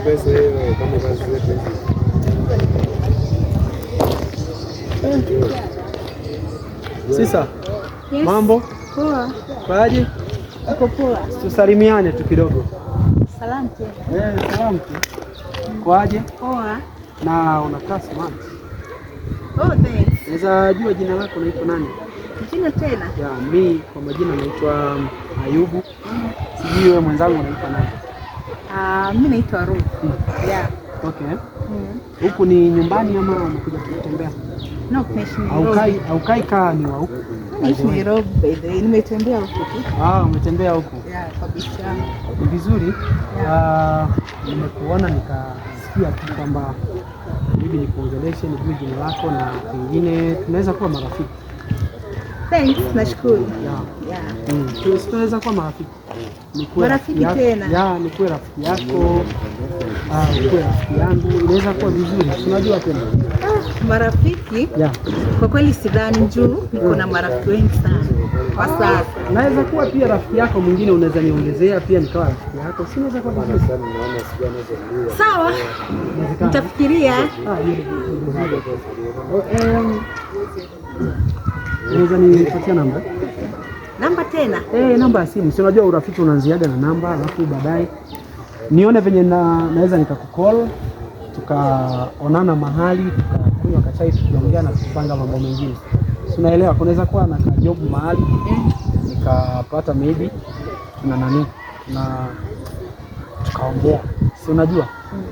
pesa hiyo kama kazi zetu. Eh. Sisa, mambo poa? Kwaje? Uko poa? Tusalimiane tu kidogo. Salamu tena. Eh, salamu Kwa Kwaje? Poa. Na unakaa Sumaye? Oh, thanks. Naweza jua jina lako unaitwa nani? Jina tena? Ya, mi kwa majina naitwa Ayubu. Sijui wewe mwenzangu unaitwa nani? Uh, mimi naitwa Ruth. Yeah. Okay. Mm. Huku mm. ni nyumbani ama unakuja kutembea? No, aukai kaa ni wa huku? Naishi Nairobi by the way. Nimetembea huku tu. Ah, umetembea huku? Yeah, kabisa. Ni vizuri. Yeah. Uh, nimekuona nikasikia tu kwamba bibi ni ni bibi jina lako na pengine tunaweza kuwa marafiki. Thanks, nashukuru. Yeah. Yeah. Mm. Tunaweza kuwa marafiki nikuwe rafiki yako, ah, nikuwe rafiki yangu, inaweza kuwa vizuri, unajua tena ah, marafiki Kwa kweli sidhani juu niko na marafiki wengi sana kwa sasa. Naweza kuwa pia rafiki yako mwingine, unaweza niongezea pia nikawa rafiki yako, si naweza kuwa vizuri. Sawa, nitafikiria. Ah, oh, unaweza nipatia namba namba tena eh, namba ya simu. Si unajua urafiki unaanziaga na namba, alafu baadaye nione venye na, naweza nikakukol tukaonana mahali tukakunywa kachai tukiongea na kupanga mambo mengine, unaelewa. Kunaweza kuwa na kajobu mahali nikapata maybe tuna nani na tukaongea, si unajua hmm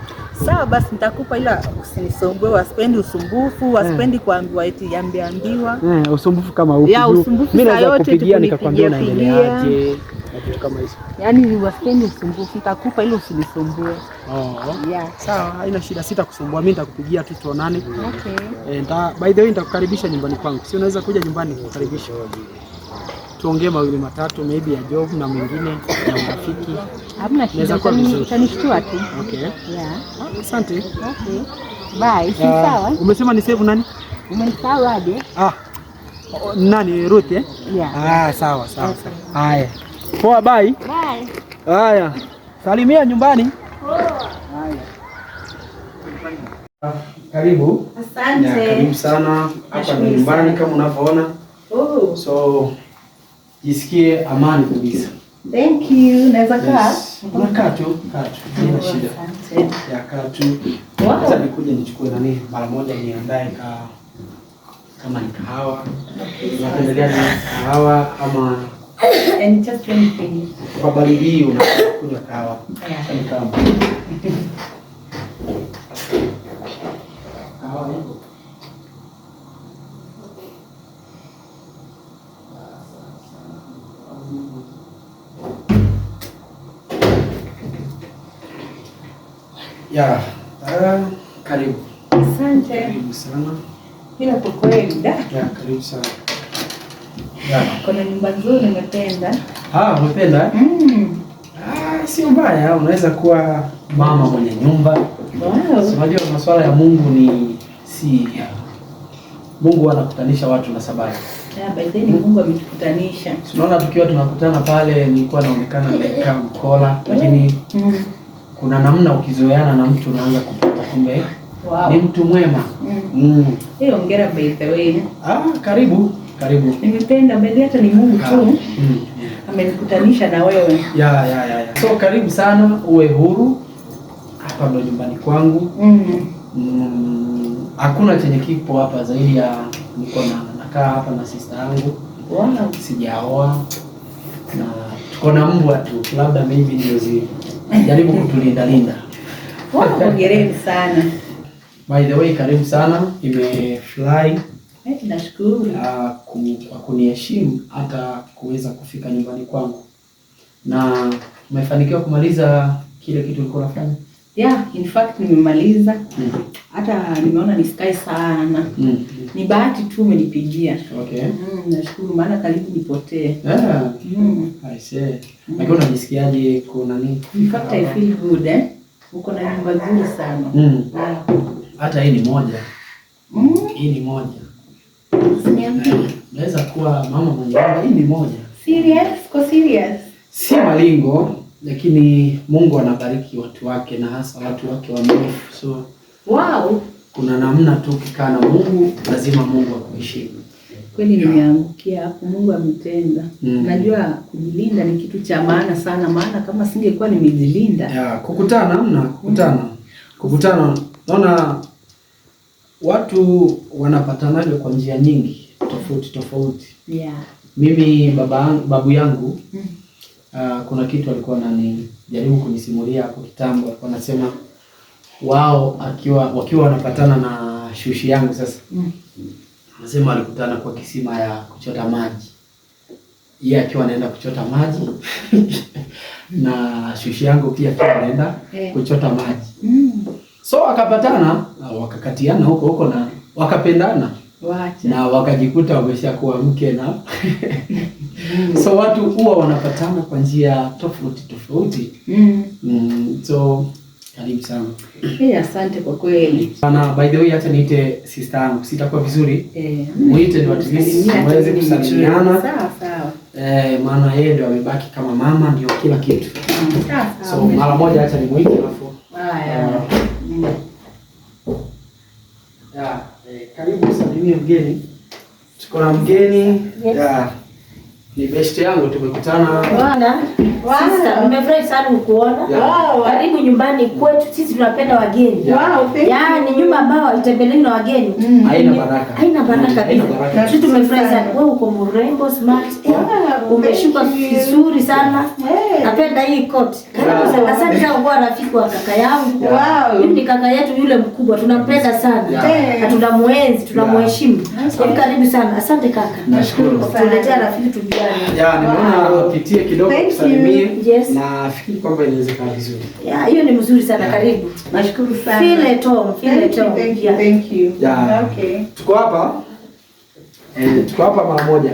sawa basi nitakupa, ila usinisumbue, waspendi usumbufu, waspendi mm. kuambiwa eti ambiambiwa eh, mm, usumbufu kama huo ya usumbufu. Mimi naweza kupigia nikakwambia naendeleaje na kitu kama hizo, yaani waspendi usumbufu, nitakupa ila usinisumbue. Oh, yeah, sawa, haina shida, sitakusumbua mimi, nitakupigia tu tuonane. Okay, eh, by the way nitakukaribisha nyumbani kwangu, si unaweza kuja nyumbani kukaribisha tuongee mawili matatu maybe ya job na mwingine na marafiki. Hamna shida, utanishtua tu. Okay. Yeah. Asante. Okay. Bye. Si sawa. Umesema ni save nani? Umenisahau aje? Ah. Nani Ruth eh? Yeah. Ah, sawa sawa. Okay. Haya. Poa, bye. Bye. Haya. Salimia nyumbani. Poa. Haya. Karibu. Asante. Ya, Karibu sana. Hapa ni nyumbani kama unavyoona. Oh. So jisikie amani kabisa. Thank you. Naweza kaa? Unakaa tu, kaa tu. Bila shida. Asante. Ya kaa tu. Sasa nikuje nichukue nani mara moja niandae ka kama ni kahawa. Unapendelea ni kahawa ama and just anything. Kwa baridi hii unakunywa kahawa. Yeah. Kahawa. Ya, ah, karibu. Asante. Karibu sana. Ila kwa kweli da. Ya, karibu sana. Ya. Kuna nyumba nzuri nimependa. Ha, umependa? Mm. Ah, sio mbaya, unaweza kuwa mama mwenye nyumba. Wow. Unajua masuala ya Mungu ni si ya. Mungu anakutanisha watu na sababu. Yeah, by then Mungu ametukutanisha. Tunaona tukiwa tunakutana pale nilikuwa naonekana nimekaa mkola lakini mm. mm kuna namna ukizoeana na mtu unaanza kupata kumbe wow. ni mtu mwema mm. mm. Hey, ongera by the way. Ah, karibu karibu. Nimependa mbele hata ni Mungu tu mm. amenikutanisha na wewe ya, ya, ya, ya. So karibu sana, uwe huru, hapa ndo nyumbani kwangu mm. Mm, hakuna chenye kipo hapa zaidi ya niko na nakaa hapa na sister yangu wow. sijaoa na tuko na mbwa tu, labda maybe ndio zile jaribu kutulinda linda. Hongereni sana. By the way, karibu sana, imefurahi eh, nashukuru kwa kuniheshimu hata kuweza kufika nyumbani kwangu, na umefanikiwa kumaliza kile kitu ulikuwa unafanya Yeah, in fact nimemaliza mm. hata mm. nimeona ni sky sana mm. ni bahati tu umenipigia. Okay. Mm, nashukuru maana karibu nipotee. Yeah. Mm. I see. Mm. Lakini unajisikiaje kuna nini? In fact I feel good eh. Uko na nyumba nzuri sana. Mm. Yeah. Hata hii ni moja. Mm. Hii ni moja. Usiniambie. Naweza kuwa mama mwenye hii ni moja. Serious? Kwa serious? Si malingo lakini Mungu anabariki watu wake na hasa watu wake waaminifu. So wow, kuna namna tu ukikaa na Mungu lazima Mungu akuheshimu. Kweli nimeangukia hapo, Mungu ametenda. mm. Najua kujilinda ni kitu cha maana sana, maana kama singekuwa nimejilinda. yeah, kukutana namna kukutana mm. kukutana, naona watu wanapatanaje kwa njia nyingi tofauti tofauti. yeah. Mimi baba babu yangu mm uh, kuna kitu alikuwa ananijaribu kunisimulia hapo kitambo, alikuwa anasema wao akiwa wakiwa wanapatana na shushi yangu sasa, mm. anasema mm, walikutana kwa kisima ya kuchota maji, yeye akiwa anaenda kuchota maji na shushi yangu pia akiwa anaenda eh. kuchota maji mm. So wakapatana wakakatiana huko huko na wakapendana Wacha. Na wakajikuta wameshakuwa mke na so watu huwa wanapatana kwa njia tofauti tofauti. Mm. Mm, so karibu sana. Eh, asante kwa kweli. Sana by the way acha niite sister yangu sitakuwa vizuri. Eh. Muite ni watu least waweze kusalimiana. Sawa sawa. Eh, maana yeye ndio amebaki kama mama ndio kila kitu. Mm, sawa sawa. So mara moja acha nimuite alafu. Haya. Yeah. Karibu salimie mgeni. Tuko na mgeni. Yes. Yeah. Ni best yangu tumekutana. Bwana wow. nimefurahi sana ukuona. Karibu nyumbani kwetu, sisi tunapenda wageni. Wow, yaani nyumba ambayo itembeleni na wageni mm. haina baraka, Sisi tumefurahi sana. Wewe uko mrembo smart, eh? umeshuka vizuri sana. Napenda hii koti. Asante sana kwa rafiki wa kaka yangu. Mimi ni kaka yetu yule mkubwa, tunampenda sana na tunamuenzi, tunamheshimu. Karibu sana. Asante kaka. Nashukuru. Tuletea rafiki tujane. Yaani, mbona wapitie kidogo. kusalimia nisalimie yes. na fikiri kwamba inaweza kaa vizuri. Yeah, hiyo ni mzuri sana yeah. Karibu, nashukuru sana. Feel at home, feel at home. Thank you, thank you. Yeah. Okay. Tuko hapa eh, tuko hapa mara moja.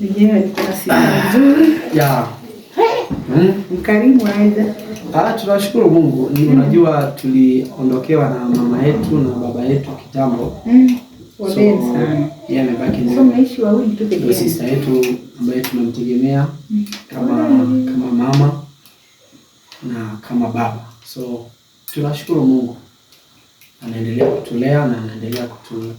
Nijewe kuna siku Hmm. Mkarimu aidha. Ah, tunashukuru Mungu. Ni hmm. unajua tuliondokewa na mama yetu na baba yetu kitambo. Mm sista yetu ambaye tunamtegemea mm. kama kama mama na kama baba. So tunashukuru Mungu anaendelea kutulea na anaendelea kutu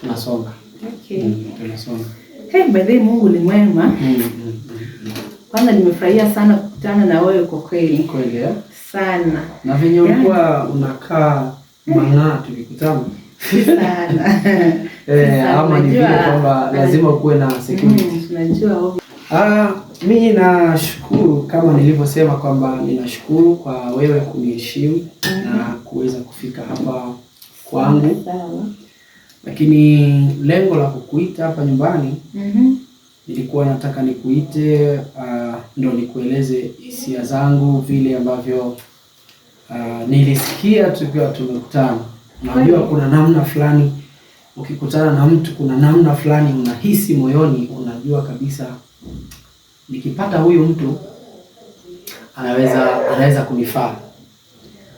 tunasonga. Okay. Mm, tunasonga. Hey, by the way Mungu ni mwema. Mm, Kwanza nimefurahia sana kukutana na wewe kwa kweli. Kweli eh? Sana. Na venye ulikuwa unakaa mang'aa tukikutana Eh, ama ni vile kwamba lazima ukuwe na mm, security. Ah, mimi nashukuru kama nilivyosema kwamba ninashukuru kwa wewe kuniheshimu na mm-hmm. kuweza kufika hapa kwangu. Sawa. Lakini lengo la kukuita hapa nyumbani mm-hmm. nilikuwa nataka nikuite, ah, ndo nikueleze hisia zangu vile ambavyo ah, nilisikia tukiwa tumekutana Unajua kuna namna fulani ukikutana na mtu, kuna namna fulani unahisi moyoni, unajua kabisa nikipata huyu mtu anaweza anaweza kunifaa.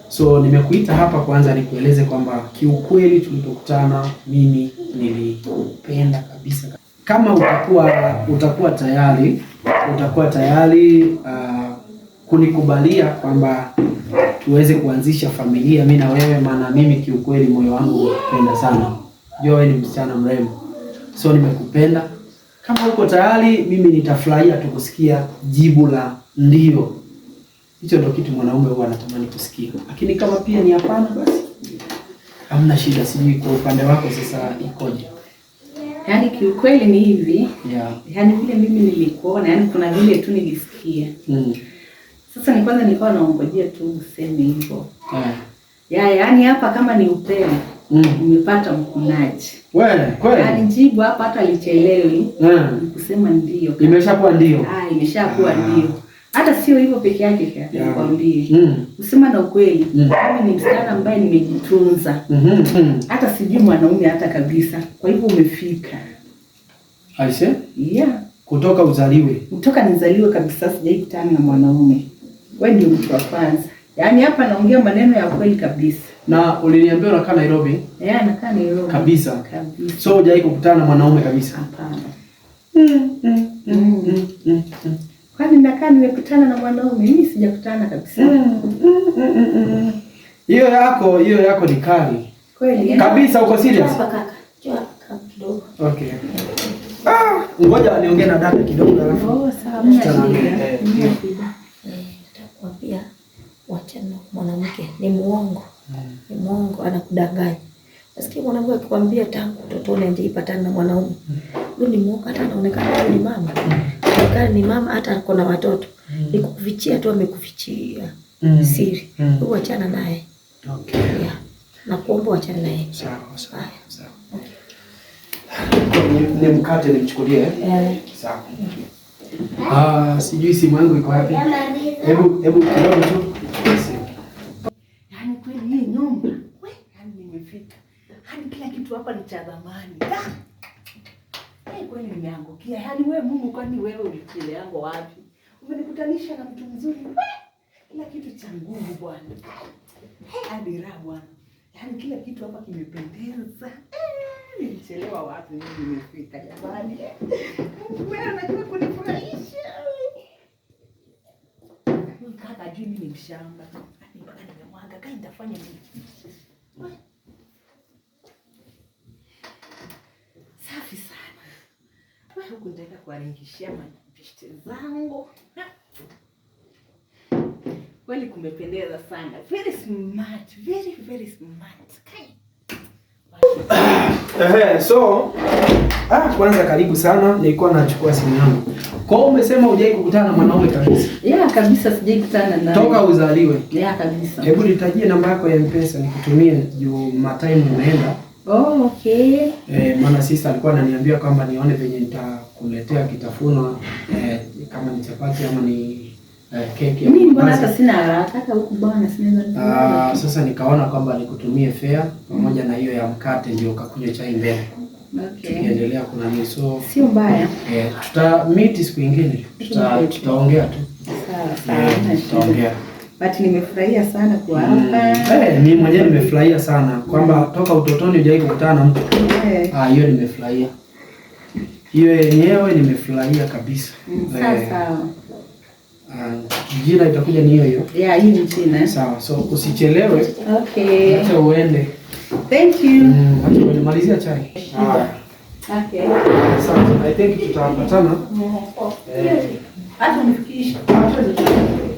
So nimekuita hapa kwanza nikueleze kwamba kiukweli, tulipokutana mimi nilipenda kabisa. Kama utakuwa utakuwa tayari utakuwa tayari uh, kunikubalia kwamba tuweze kuanzisha familia mimi na wewe, maana mimi kiukweli moyo wangu unakupenda sana. Jua wewe ni msichana mrembo, so nimekupenda. Kama uko tayari, mimi nitafurahia tukusikia jibu la ndio. Hicho ndio kitu mwanaume huwa anatamani kusikia, lakini kama pia ni hapana, basi hamna shida. Sijui kwa upande wako sasa ikoje? Yaani kiukweli ni hivi yeah. Yaani vile mimi nilikuona, yaani kuna vile tu nilisikia mm. Sasa ni kwanza nilikuwa naongojea tu useme hivyo. Eh. Ya, yaani hapa kama ni upendo mm. umepata mm. Mkunaji wewe kweli, alijibu hapa, hata alichelewi mm. Eh. kusema ndio, imeshakuwa ndio, ah, imeshakuwa ah. ndio. Hata sio hivyo peke yake, nikwambie mm. kusema na ukweli mm. mimi mm. ni msichana ambaye nimejitunza mm hata -hmm. sijui mwanaume hata kabisa. Kwa hivyo umefika aise, yeah, kutoka uzaliwe, kutoka nizaliwe kabisa, sijaikutana na mwanaume wewe ndio mtu wa kwanza. Yaani hapa naongea maneno ya kweli kabisa. Na uliniambia unakaa Nairobi? Yeah, nakaa Nairobi. Kabisa. Kabisa. So hujai kukutana na mwanaume kabisa? Hapana. Mm, mm, mm, mm, mm, mm, mm. Kwani nakaa nimekutana na mwanaume? Mimi sijakutana kabisa. mm, mm, mm, mm, mm. Hiyo yako, hiyo yako ni kali. Kweli. Eh? Kabisa uko serious? Hapa kaka. Hapa kidogo. Okay. Ah, ngoja niongee na dada kidogo alafu. Oh, sawa. Mimi kumwambia wachana mwanamke, ni muongo mm. ni muongo, anakudanganya. Nasikia mwanamke akikwambia tangu utotoni hajaipatana na mwanaume mm. huyu, ni muongo. Hata anaonekana ni mama, anaonekana ni mama, hata ako na watoto mm. ni tu, amekufichia mm. siri mm. huyu, wachana naye okay. yeah. na kuomba wachana naye. Sawa sawa Ni mkate nimchukulie eh? eh. Sawa. Mm. Ah, sijui simu yangu iko wapi? Hebu hebu kidogo tu. Yaani kweli hii nyumba, wewe yaani nimefika. Hadi yaani kila kitu hapa ni cha dhamani. Eh, kweli nimeangukia. Yaani wewe Mungu kwani wewe ulichele yango wapi? Umenikutanisha na mtu mzuri. Kila kitu cha nguvu bwana. Hey, hadi raha bwana. Yaani kila kitu hapa kimependeza. Eh, Nilichelewa wapi? Mimi Nimefika jamani. Mungu, Wewe unajua kwani mimi ni mshamba mpaka nimemwaga kai nitafanya nini? Safi sana we, huku nitaenda kuwaringishia mapishte zangu. Kweli kumependeza sana, very smart, very very smart kai Ehe, so ah, kwanza karibu sana. Nilikuwa nachukua simu yangu. Kwa hiyo umesema hujai kukutana na mwanaume kabisa? Yeah, kabisa sijai kukutana naye. Toka uzaliwe. Yeah, kabisa. Hebu nitajie namba yako ya M-Pesa nikutumie juu matime umeenda. Oh, okay. Eh, maana sista alikuwa ananiambia kwamba nione venye nitakuletea kitafuno eh, kama ni chapati ama ni Uh, sasa nikaona kwamba nikutumie fea pamoja na hiyo ya mkate ndio ukakunywa chai mbele. Okay. Tukiendelea kuna miso. Sio mbaya. Eh, tuta meet siku nyingine. Tuta tutaongea tu. Sawa sawa. Eh, tutaongea. But nimefurahia sana kwa mm. hapa. Eh, mimi mwenyewe nimefurahia sana kwamba toka utotoni hujawahi kukutana na mtu. Eh. Ah, hiyo nimefurahia. Hiyo yenyewe nimefurahia kabisa. Mm, sawa sawa. Uh, jina itakuja ni hiyo hiyo. Yeah, hii ni jina. Sawa. So usichelewe. Okay. Acha uende. Thank you. Mm, acha uende malizia chai. Ah. Okay. Sasa I think tutapatana. Mm. Oh, acha nifikishe. Acha nifikishe.